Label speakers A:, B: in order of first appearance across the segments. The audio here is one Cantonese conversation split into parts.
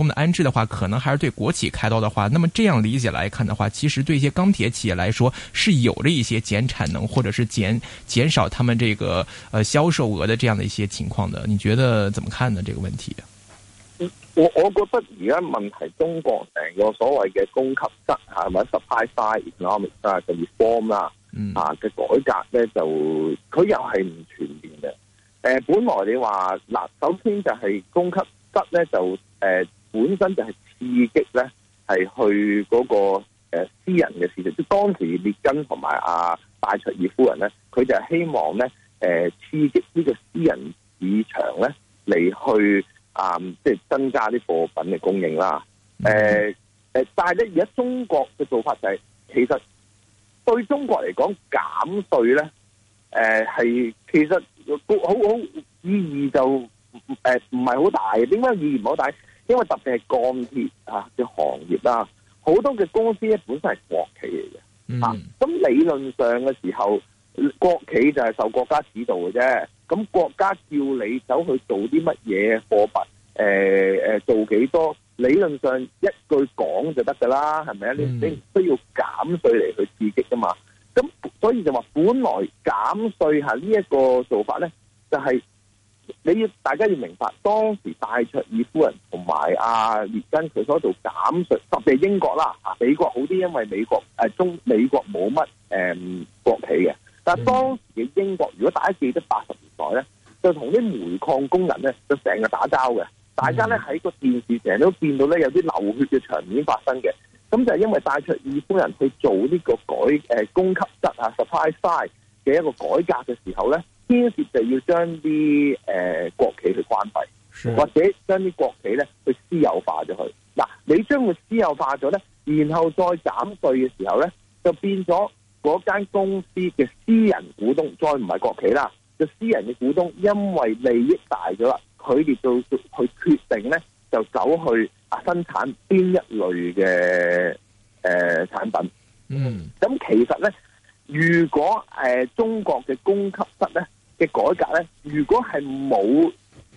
A: 我們安置的話，可能還是對國企開刀的話。那麼這樣理解來看的話，其實對一些鋼鐵企業來說，是有着一些減產能或者是減減少他們這個呃銷售額的這樣的一些情況的。你覺得怎麼看
B: 呢？這個問題？我我覺得而家問題，中國成個所謂嘅供給側吓，或者 supply side economics 啊嘅改革啦，啊嘅、嗯啊、改革呢就佢又係唔全面嘅。誒、呃，本來你話嗱，首先就係供給側呢就誒。呃本身就係刺激咧，係去嗰、那個、呃、私人嘅市場。即當時列根同埋阿戴卓爾夫人咧，佢就希望咧誒、呃、刺激呢個私人市場咧嚟去啊、呃，即係增加啲貨品嘅供應啦。誒誒、Mm-hmm. 呃，但係咧而家中國嘅做法就係、是、其實對中國嚟講減稅咧，誒、呃、係其實好好意義就誒唔係好大。點解意義唔好大？因為特別係鋼鐵啊嘅行業啦，好多嘅公司咧本身係國企嚟嘅，嚇咁理論上嘅時候，國企就係受國家指導嘅啫。咁國家叫你走去做啲乜嘢貨物，誒誒做幾多理論上一句講就得噶啦，係咪啊？你你唔需要減稅嚟去刺激㗎嘛？咁所以就話，本來減稅係呢一個做法咧，就係。你要大家要明白，當時戴卓爾夫人同埋阿列根佢所做減稅，特別是英國啦嚇，美國好啲，因為美國誒、呃、中美國冇乜誒國企嘅。但係當時嘅英國，如果大家記得八十年代咧，就同啲煤礦工人咧，就成日打交嘅。大家咧喺個電視成日都見到咧有啲流血嘅場面發生嘅。咁就係因為戴卓爾夫人去做呢個改誒供給側啊 supply side 嘅一個改革嘅時候咧。牽涉就要將啲誒、呃、國企去關閉，的或者將啲國企咧去私有化咗佢。嗱，你將佢私有化咗咧，然後再減稅嘅時候咧，就變咗嗰間公司嘅私人股東，再唔係國企啦，就私人嘅股東，因為利益大咗啦，佢哋就去決定咧，就走去啊生產邊一類嘅誒、呃、產品。嗯，咁其實咧，如果誒、呃、中國嘅供給側咧，嘅改革咧，如果係冇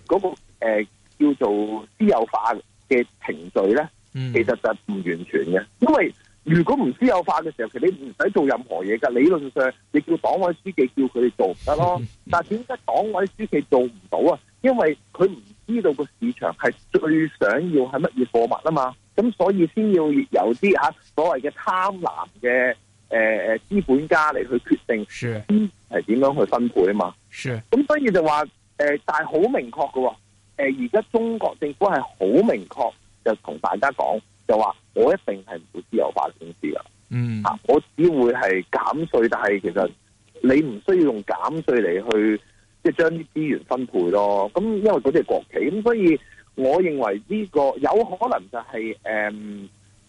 B: 嗰個誒、呃、叫做私有化嘅程序咧，其實就唔完全嘅。因為如果唔私有化嘅時候，其實你唔使做任何嘢噶，理論上你叫黨委書記叫佢哋做唔得咯。但係點解黨委書記做唔到啊？因為佢唔知道個市場係最想要係乜嘢貨物啊嘛。咁所以先要有啲吓所謂嘅貪婪嘅。誒誒，資、呃、本家嚟，去決定係點樣去分配啊嘛？咁是、嗯、所以就話誒、呃，但係好明確嘅，誒而家中國政府係好明確就同大家講，就話我一定係唔會私有化公司嘅。嗯、啊、我只會係減稅，但係其實你唔需要用減稅嚟去即係將啲資源分配咯。咁因為嗰啲係國企，咁所以我認為呢個有可能就係、是、誒。呃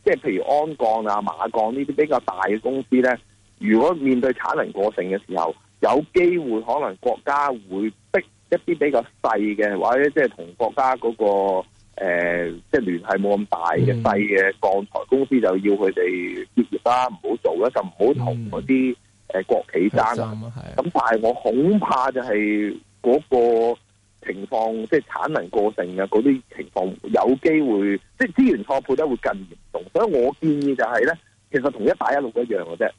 B: 即係譬如鞍鋼啊、馬鋼呢啲比較大嘅公司咧，如果面對產能過剩嘅時候，有機會可能國家會逼一啲比較細嘅，或者即係同國家嗰、那個即係、呃就是、聯繫冇咁大嘅細嘅鋼材公司就他們、啊啊，就要佢哋結業啦，唔好做啦，就唔好同嗰啲誒國企爭啦、啊。咁、嗯、但係我恐怕就係嗰、那個。情況即係產能過剩啊，嗰啲情況有機會即係資源錯配得會更嚴重。所以我建議就係咧，其實同一帶一路一樣嘅啫。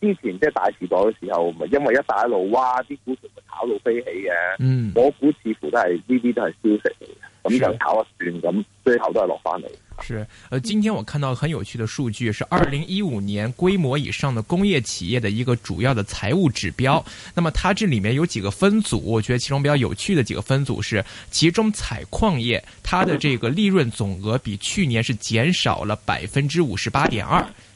B: 之前即係大時代嘅時候，咪因為一帶一路，哇！啲股票咪炒到飛起嘅。嗯、我估似乎都係呢啲都係消息嚟嘅。咁就炒一段，咁最後都係落翻嚟，
A: 是，呃，今天我看到很有趣的數據，是二零一五年規模以上的工業企業的一個主要的財務指標。那麼它這裏面有幾個分組，我覺得其中比較有趣的幾個分組是，其中採礦業它的這個利潤總額比去年是減少了百分之五十八點二。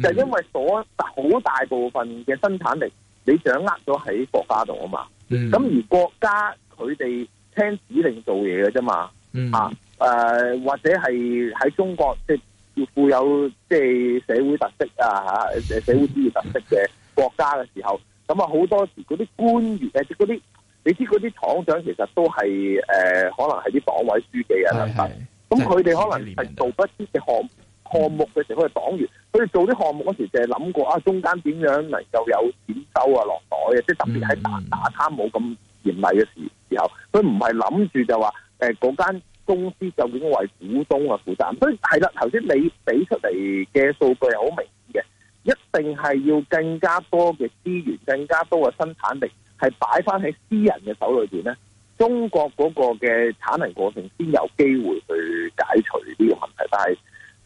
B: 就是因為所好大部分嘅生產力，你掌握咗喺國家度啊嘛。咁、嗯、而國家佢哋聽指令做嘢嘅啫嘛。嗯、啊，或者係喺中國，即係富有即係、就是、社會特色啊，社會主義特色嘅國家嘅時候，咁啊好多時嗰啲官員即嗰啲你知嗰啲廠長其實都係、呃、可能係啲黨委書記啊等等。咁佢哋可能係做不啲嘅項。項目嘅時候，佢係黨員，佢哋做啲項目嗰時，淨係諗過啊，中間點樣能夠有錢收啊，落袋啊，即係特別喺打打貪冇咁嚴厲嘅時時候，佢唔係諗住就話誒，嗰間公司究竟為股東啊負責，所以係啦，頭先你俾出嚟嘅數據係好明顯嘅，一定係要更加多嘅資源，更加多嘅生產力係擺翻喺私人嘅手裏邊咧，中國嗰個嘅產能過程先有機會去解除呢個問題，但係。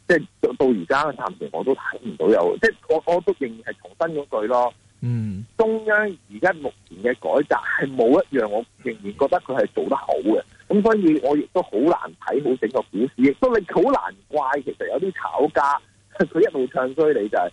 B: 即到而家嘅暫時，我都睇唔到有，即我我都仍然係重申嗰句咯。嗯，mm. 中央而家目前嘅改革係冇一樣，我仍然覺得佢係做得好嘅。咁所以我，我亦都好難睇好整個股市。亦都你好難怪，其實有啲炒家佢一路唱衰你就係、是。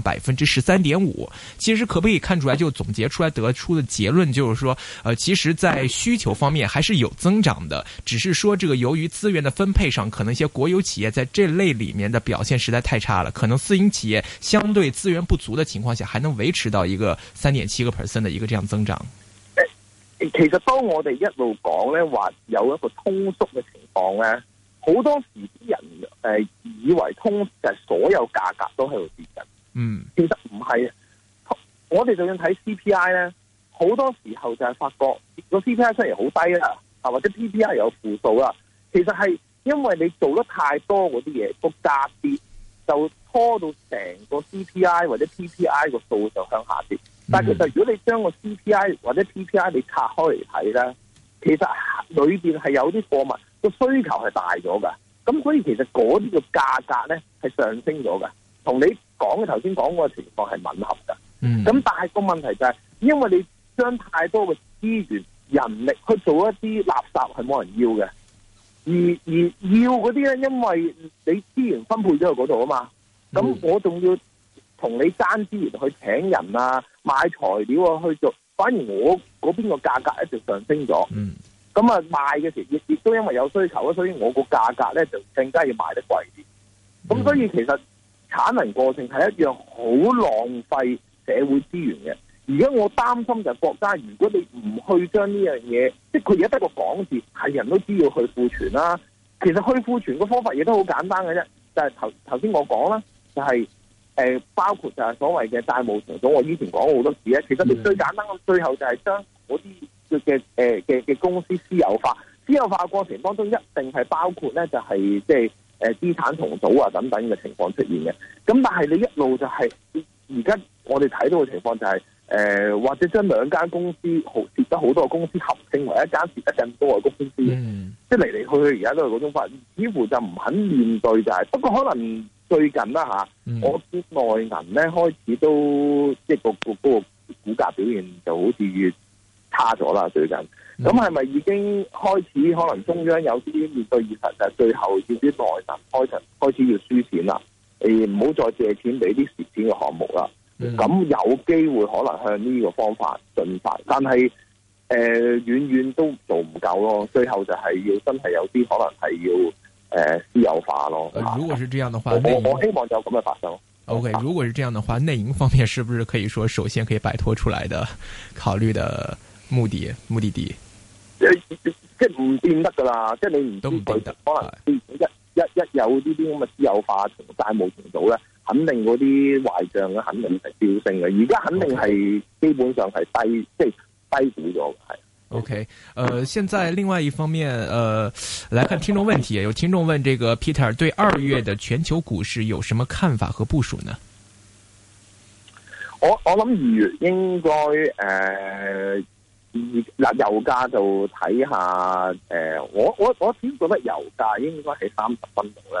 A: 百分之十三點五，其實可不可以看出來？就總結出來得出的結論就是說，呃，其實，在需求方面還是有增長的，只是說這個由於資源的分配上，可能一些國有企業在這類裏面的表現實在太差了，可能私營企業相對資源不足的情況下，還能維持到一個三點七個 percent 的一個這樣增長。
B: 其實，當我哋一路講呢話有一個通縮嘅情況呢，好多時啲人、呃、以為通縮所有價格都喺度跌緊。嗯，其實唔係，我哋就要睇 CPI 咧，好多時候就係發覺個 CPI 雖然好低啦，啊或者 PPI 有負數啦，其實係因為你做得太多嗰啲嘢，個價跌就拖到成個 CPI 或者 PPI 個數就向下跌。但係其實如果你將個 CPI 或者 PPI 你拆開嚟睇咧，其實裏邊係有啲貨物個需求係大咗噶，咁所以其實嗰啲個價格咧係上升咗噶。同你講嘅頭先講個情況係吻合㗎，咁、嗯、但係個問題就係、是，因為你將太多嘅資源人力去做一啲垃圾係冇人要嘅，而而要嗰啲咧，因為你資源分配咗喺嗰度啊嘛，咁我仲要同你爭資源去請人啊、買材料啊去做，反而我嗰邊個價格一直上升咗，咁啊、嗯、賣嘅時亦亦都因為有需求啊，所以我個價格咧就更加要賣得貴啲，咁、嗯、所以其實。產能過剩係一樣好浪費社會資源嘅，而家我擔心就係國家，如果你唔去將呢樣嘢，即係佢而家得個講字，係人都知要去庫存啦。其實去庫存個方法亦都好簡單嘅啫，就係頭頭先我講啦，就係誒，包括就係所謂嘅債務重組。我以前講過好多次咧，其實你最簡單咁，最後就係將嗰啲嘅誒嘅嘅公司私有化，私有化過程當中一定係包括咧，就係即係。誒，資產重組啊等等嘅情況出現嘅，咁但係你一路就係而家我哋睇到嘅情況就係、是，誒、呃、或者將兩間公司好蝕得好多嘅公司合併為一間蝕得更多嘅公司，mm hmm. 即係嚟嚟去去而家都係嗰種法，似乎就唔肯面對就係、是，不過可能最近啦吓，啊 mm hmm. 我啲內銀咧開始都即係、那個、那個、那個股價表現就好似越。差咗啦，最近咁係咪已經開始可能中央有啲面對現實，最後要啲內臣開始開始要輸錢啦？誒、呃，唔好再借錢俾啲蝕錢嘅項目啦。咁、嗯、有機會可能向呢個方法進發，但係誒，遠、呃、遠都做唔夠咯。最後就係要真係有啲可能係要誒、呃、私有化咯、呃。如果是這樣的話，我，營我希望就咁樣發生。
A: OK，如果是這樣的話，內營方面是不是可以說首先可以擺脱出來的考慮的？目的目的，即
B: 係唔變得噶啦，即係你唔知佢可能一的一一有呢啲咁嘅私有化同債務重組咧，肯定嗰啲壞賬咧，肯定係飆升嘅。而家肯定係 Okay. 基本上係低，即係低估咗。係
A: ，OK，誒、okay. 呃，現在另外一方面，誒、呃，來看聽眾問題，有聽眾問，這個 Peter 對二月的全球股市有什麼看法和部署呢？
B: 我我諗二月應該誒。呃嗱，油價就睇下，誒、呃，我我我始終覺得油價應該喺三十蚊度咧，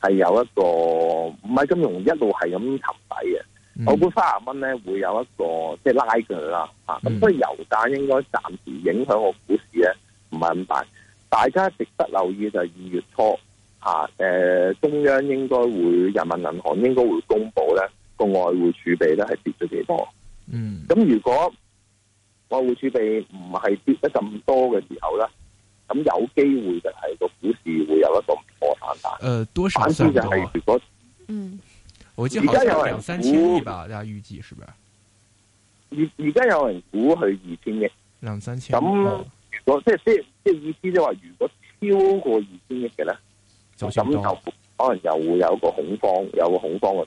B: 係有一個唔係咁容易一路係咁沉底嘅。嗯、我估卅蚊咧會有一個即係拉鋸啦，吓、啊、咁、嗯、所以油價應該暫時影響個股市咧唔係咁大。大家值得留意就係二月初吓，誒、啊呃，中央應該會，人民銀行應該會公布咧個外匯儲備咧係跌咗幾多。嗯，咁如果，我外匯儲備唔係跌得咁多嘅時候咧，咁有機會就係個股市會有一個唔錯嘅大，呃、反彈。誒，反之就係如果，嗯，
A: 我而家有兩三千億吧，
B: 大家預計是不是？而而家有人估佢二千億，
A: 兩三千
B: 億。咁如果即係即係即係意思，就是，即係話如果超過二千億嘅咧，就咁就可能又會有，有個恐慌，有個恐慌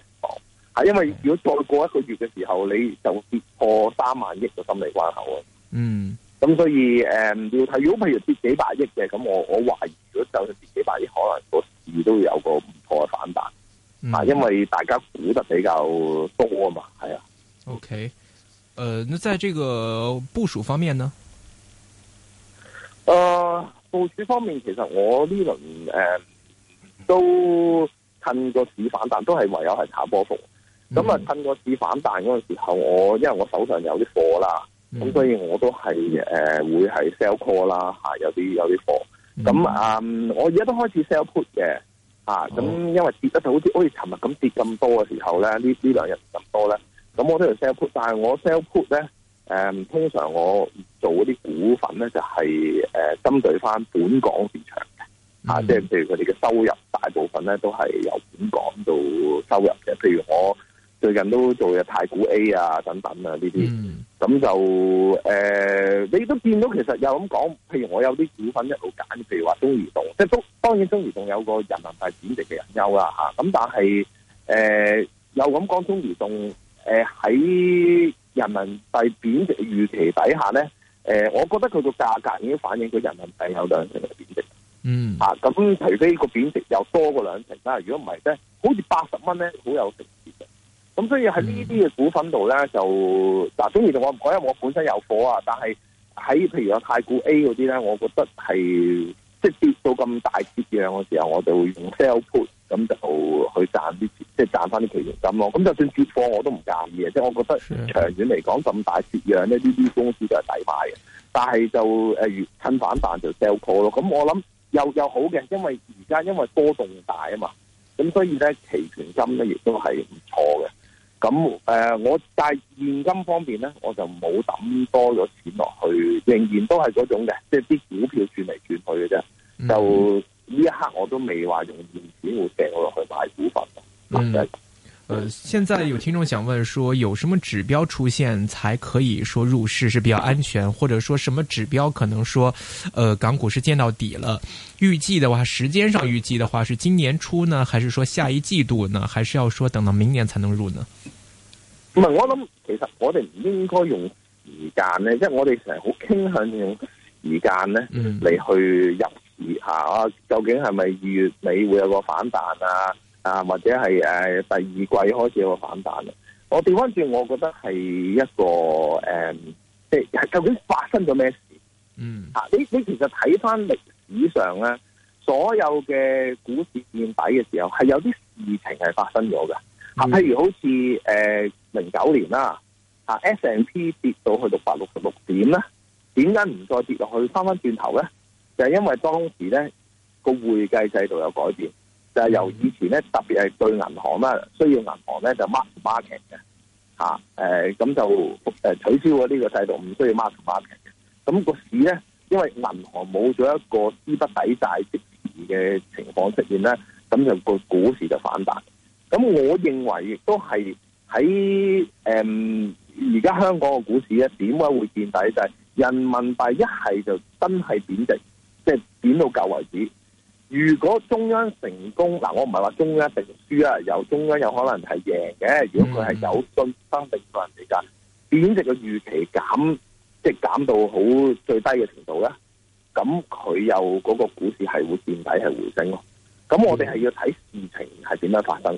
B: 係，因為如果再過一個月嘅時候，你就跌破三萬億嘅心理關口啊。嗯，咁所以誒，要、呃、睇如果譬如跌幾百億嘅，咁我我懷疑如果就算跌幾百億，可能個市都會有個唔錯嘅反彈。啊、嗯，因為大家估得比較多啊嘛，係啊。
A: OK，誒、呃，那在這個部署方面呢？誒、
B: 呃，部署方面其實我呢輪誒都趁個市反彈，都係唯有係炒波幅。咁啊，嗯、趁個市反彈嗰陣時候，我因為我手上有啲貨啦，咁、嗯、所以我都係誒、呃、會係 sell call 啦、啊、嚇，有啲有啲貨。咁啊、嗯嗯嗯，我而家都開始 sell put 嘅，啊，咁、啊嗯、因為跌得到啲，好似尋日咁跌咁多嘅時候咧，呢呢兩日咁多咧，咁我都係 sell put。但係我 sell put 咧，誒、啊、通常我做嗰啲股份咧就係、是、誒、呃、針對翻本港市場嘅，嚇、啊，即係、嗯、譬如佢哋嘅收入大部分咧都係由本港度收入嘅，譬如我，最近都做嘅太古 A 啊，等等啊，呢啲咁就誒、呃，你都見到其實有咁講。譬如我有啲股份一路揀，譬如話中移動，即係當當然中移動有個人民幣貶值嘅隱憂啦嚇。咁、啊、但係誒、呃、有咁講，中移動誒喺、呃、人民幣貶值嘅預期底下咧，誒、呃、我覺得佢個價格已經反映佢人民幣有兩成嘅貶值，嗯嚇。咁除非個貶值又多過兩成啦。如果唔係咧，好似八十蚊咧，好有成字咁所以喺呢啲嘅股份度咧，就嗱，當、啊、然我我因為我本身有貨啊，但係喺譬如有太古 A 嗰啲咧，我覺得係即係跌到咁大折讓嘅時候，我就會用 sell put，咁就去賺啲即係賺翻啲期權金咯。咁就算跌貨我都唔介意嘅，即、就、係、是、我覺得長遠嚟講咁大折讓咧，呢啲公司就係抵買嘅。但係就誒、啊、趁反彈就 sell 貨咯。咁我諗又有好嘅，因為而家因為波動大啊嘛，咁所以咧期權金咧亦都係唔錯嘅。咁誒、呃，我但係現金方面呢，我就冇抌多咗錢落去，仍然都係嗰種嘅，即係啲股票轉嚟轉去嘅啫。嗯、就呢一刻我都未話用現錢會掟落去買股
A: 份。嗯、呃，現在有聽眾想問說，說有什麼指標出現才可以說入市，是比較安全，或者說什麼指標可能說呃，港股是見到底了？預計的話，時間上預計的話，是今年初呢，還是說下一季度呢，還是要說等到明年才能入呢？
B: 唔係，我諗其實我哋唔應該用時間咧，因為我哋成日好傾向用時間咧嚟去入市嚇啊！究竟係咪二月尾會有一個反彈啊？啊，或者係誒、啊、第二季開始有一個反彈啊？我調翻轉，我覺得係一個誒，即、啊、係究竟發生咗咩事？嗯、啊，嚇你你其實睇翻歷史上咧，所有嘅股市見底嘅時候係有啲事情係發生咗嘅嚇，譬、啊、如好似誒。啊零九年啦，啊 S&P 跌到去六百六十六點咧，點解唔再跌落去翻翻轉頭咧？就係、是、因為當時咧個會計制度有改變，就係、是、由以前咧特別係對銀行啦，需要銀行咧就 mark market 嘅，嚇誒咁就誒取消咗呢個制度，唔需要 mark market 嘅。咁、那個市咧，因為銀行冇咗一個資不抵債即時嘅情況出現咧，咁就個股市就反彈。咁我認為亦都係。喺誒而家香港嘅股市咧點解會見底？就係人民幣一係就真係貶值，即係貶到夠為止。如果中央成功嗱，我唔係話中央一定輸啊，由中央有可能係贏嘅。如果佢係有信心定個人時間貶值嘅預期減，即係減到好最低嘅程度咧，咁佢又嗰個股市係會見底係回升咯。咁我哋係要睇事情係點樣發生。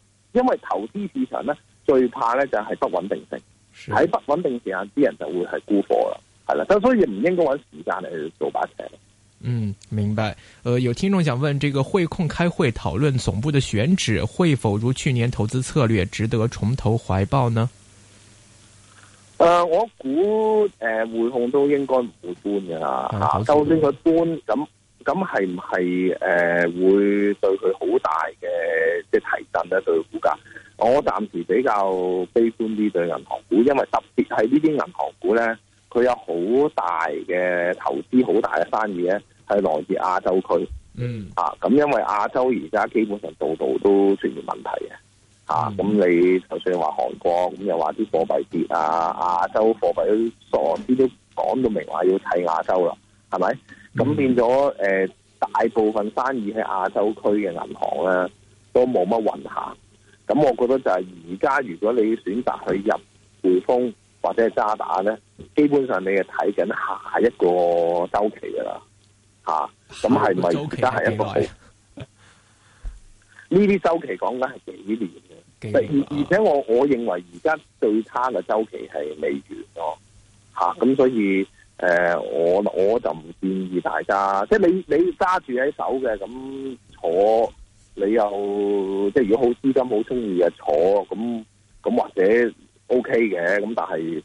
B: 因為投資市場咧最怕咧就係不穩定性，喺是不穩定時間啲人就會係沽貨啦，係啦，咁所以唔應該揾時間嚟做把尺。
A: 嗯，明白。誒、呃，有聽眾想問，這個匯控開會討論總部嘅選址，會否如去年投資策略值得重投懷抱呢？誒、
B: 呃，我估誒、呃、匯控都應該唔會搬噶啦，就算佢搬咁。咁係唔係誒，會對佢好大嘅，即係提振咧？對股價，我暫時比較悲觀啲對銀行股，因為特別係呢啲銀行股咧，佢有好大嘅投資，好大嘅生意咧，係來自亞洲區。嗯啊，咁因為亞洲而家基本上度度都出現問題嘅。啊，咁、嗯、你就算話韓國，咁又話啲貨幣跌啊，亞洲貨幣，傻啲都講到明話要睇亞洲啦。係咪？咁變咗誒、嗯呃，大部分生意喺亞洲區嘅銀行咧，都冇乜運行。咁我覺得就係而家，如果你選擇去入匯豐或者係渣打咧，基本上你係睇緊下一個周期噶啦。吓、啊，咁係咪？而家係一個好？呢啲周期講緊係幾年嘅？而、 啊、而且我我認為而家最差嘅周期係未完咯。吓、啊，咁所以。誒、呃，我我就唔建議大家，即係你你揸住喺手嘅咁坐，你又即係如果好資金好中意嘅坐，咁咁或者 OK 嘅，咁但係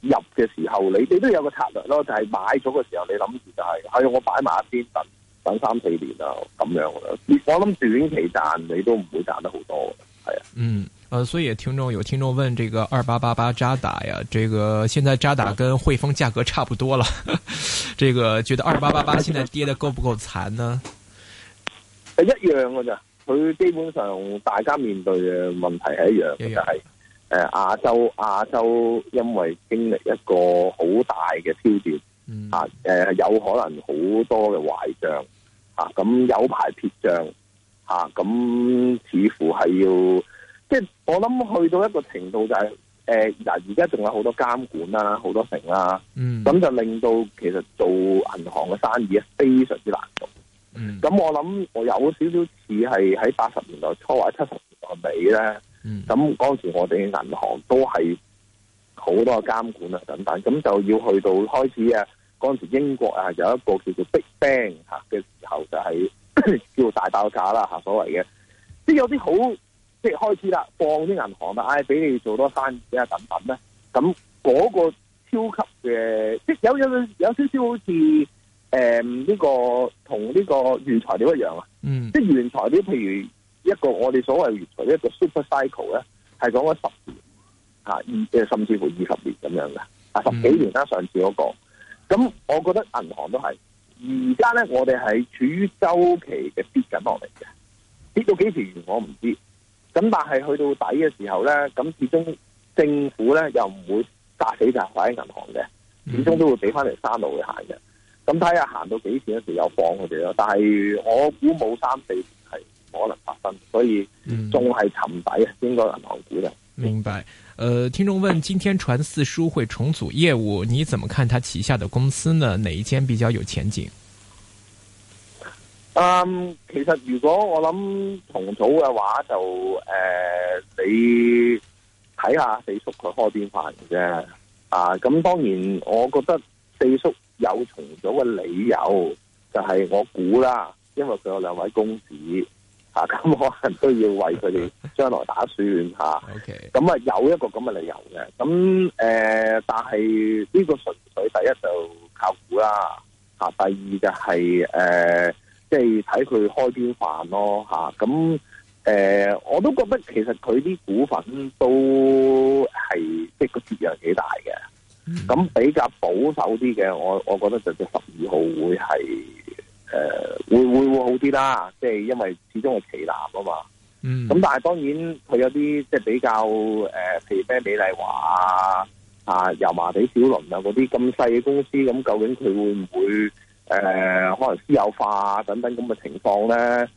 B: 入嘅時候你哋都有個策略咯，就係、是、買咗嘅時候你諗住就係、是，係、哎、我擺埋一邊等等三四年啊咁樣，我諗短期賺你都唔會賺得好多，
A: 係啊，嗯。呃，所以也聽眾有聽眾問，這個二八八八渣打呀，這個現在渣打跟匯豐價格差不多了，呵呵，這個覺得二八八八現在跌得夠不夠殘呢？
B: 一樣噶咋，佢基本上大家面對嘅問題係一樣嘅，係、就、誒、是呃、亞洲亞洲因為經歷一個好大嘅挑戰，嗯、啊誒、呃、有可能好多嘅壞賬，啊咁有排撇賬，啊咁似乎係要。即係我諗去到一個程度就係、是、誒，人而家仲有好多監管啦、啊，好多城啦、啊，咁、嗯、就令到其實做銀行嘅生意非常之難做。咁、嗯、我諗我有少少似係喺八十年代初或者七十年代尾咧，咁嗰陣時我哋嘅銀行都係好多嘅監管啊等等，咁就要去到開始啊嗰陣時英國啊有一個叫做 Big Bang 吓、啊、嘅時候、就是，就 係叫大爆炸啦吓，所謂嘅，即係有啲好。開始啦，放啲銀行啦，哎，俾你做多單，俾下等等咧。咁嗰個超級嘅，即係有有有少少好似誒呢個同呢個原材料一樣啊。嗯、即係原材料，譬如一個我哋所謂原材料一個 super cycle 咧，係講緊十年吓，二甚至乎二十年咁樣嘅，啊，十幾年啦上次嗰、嗰個。咁、嗯、我覺得銀行都係，而家咧我哋係處於周期嘅跌緊落嚟嘅，跌到幾時完我唔知道。咁但係去到底嘅時候咧，咁始終政府咧又唔會炸死就擺喺銀行嘅，始終都會俾翻嚟山路去行嘅。咁睇下行到幾時嗰時又放佢哋咯。但係我估冇三四時係冇可能發生，所以仲係沉底啊，應該銀行估嘅。
A: 明白？誒、呃，聽眾問：今天傳四叔會重組業務，你怎麼看他旗下的公司呢？哪一間比較有前景？
B: 嗯，um, 其實如果我諗重組嘅話，就誒、呃，你睇下四叔佢開邊份嘅啫，啊，咁當然我覺得四叔有重組嘅理由，就係我估啦，因為佢有兩位公子，吓，咁可能都要為佢哋將來打算吓。咁啊，有一個咁嘅理由嘅，咁、啊、誒，但係呢個純粹第一就是靠估啦，吓、啊，第二就係、是、誒。啊即係睇佢開邊飯咯吓，咁、啊、誒、呃，我都覺得其實佢啲股份都係即係個跌嘅幾大嘅，咁、嗯、比較保守啲嘅，我我覺得就到十二號會係誒、呃、會會會好啲啦，即係因為始終係旗艦啊嘛，咁、嗯、但係當然佢有啲即係比較誒、呃，譬如咩美麗華啊啊油麻地小輪啊嗰啲咁細嘅公司，咁究竟佢會唔會？誒、呃，可能私有化等等咁嘅情況咧，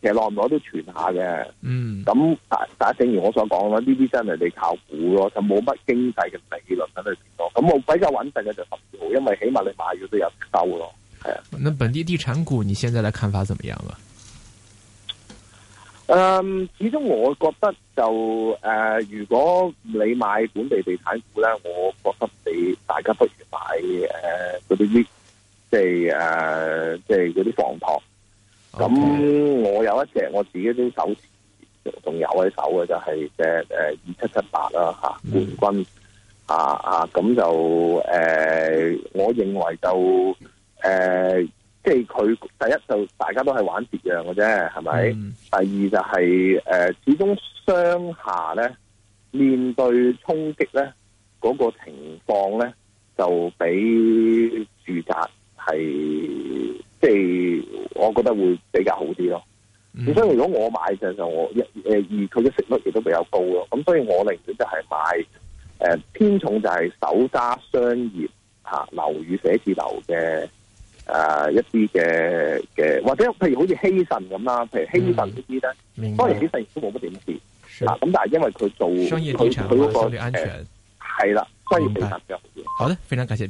B: 其實耐唔耐都存下嘅。嗯，咁但但係正如我想講啦，呢啲真係你炒股咯，就冇乜經濟嘅理論等你變多。咁我比較穩陣嘅就十號，因為起碼你買咗都有收咯。係啊，
A: 咁本地地產股你現在嘅看法怎麼樣啊？
B: 嗯，始終我覺得就誒、呃，如果你買本地地產股咧，我覺得你大家不如買誒嗰啲即係誒，即係嗰啲房託。咁 Okay. 我有一隻，我自己都手持仲有喺手嘅，就係隻誒二七七八啦吓冠軍。吓吓咁就誒、呃，我認為就誒，即係佢第一就大家都係玩折讓嘅啫，係咪？Mm. 第二就係、是、誒、呃，始終商廈咧面對衝擊咧嗰個情況咧，就比住宅。係即係，我覺得會比較好啲咯。咁、嗯、所以如果我買，事實上我一誒二，佢嘅成率亦都比較高咯。咁、嗯、所以我寧願就係買誒、呃、偏重就係手揸商業吓、啊、樓宇寫字樓嘅誒、啊、一啲嘅嘅，或者譬如好似希慎咁啦，譬如希慎呢啲咧，嗯、當然希慎都冇乜點事。咁但係因為佢做商業佢長，相對、那個、安全係啦，所以其實就好啲。
A: 好的，非常感謝。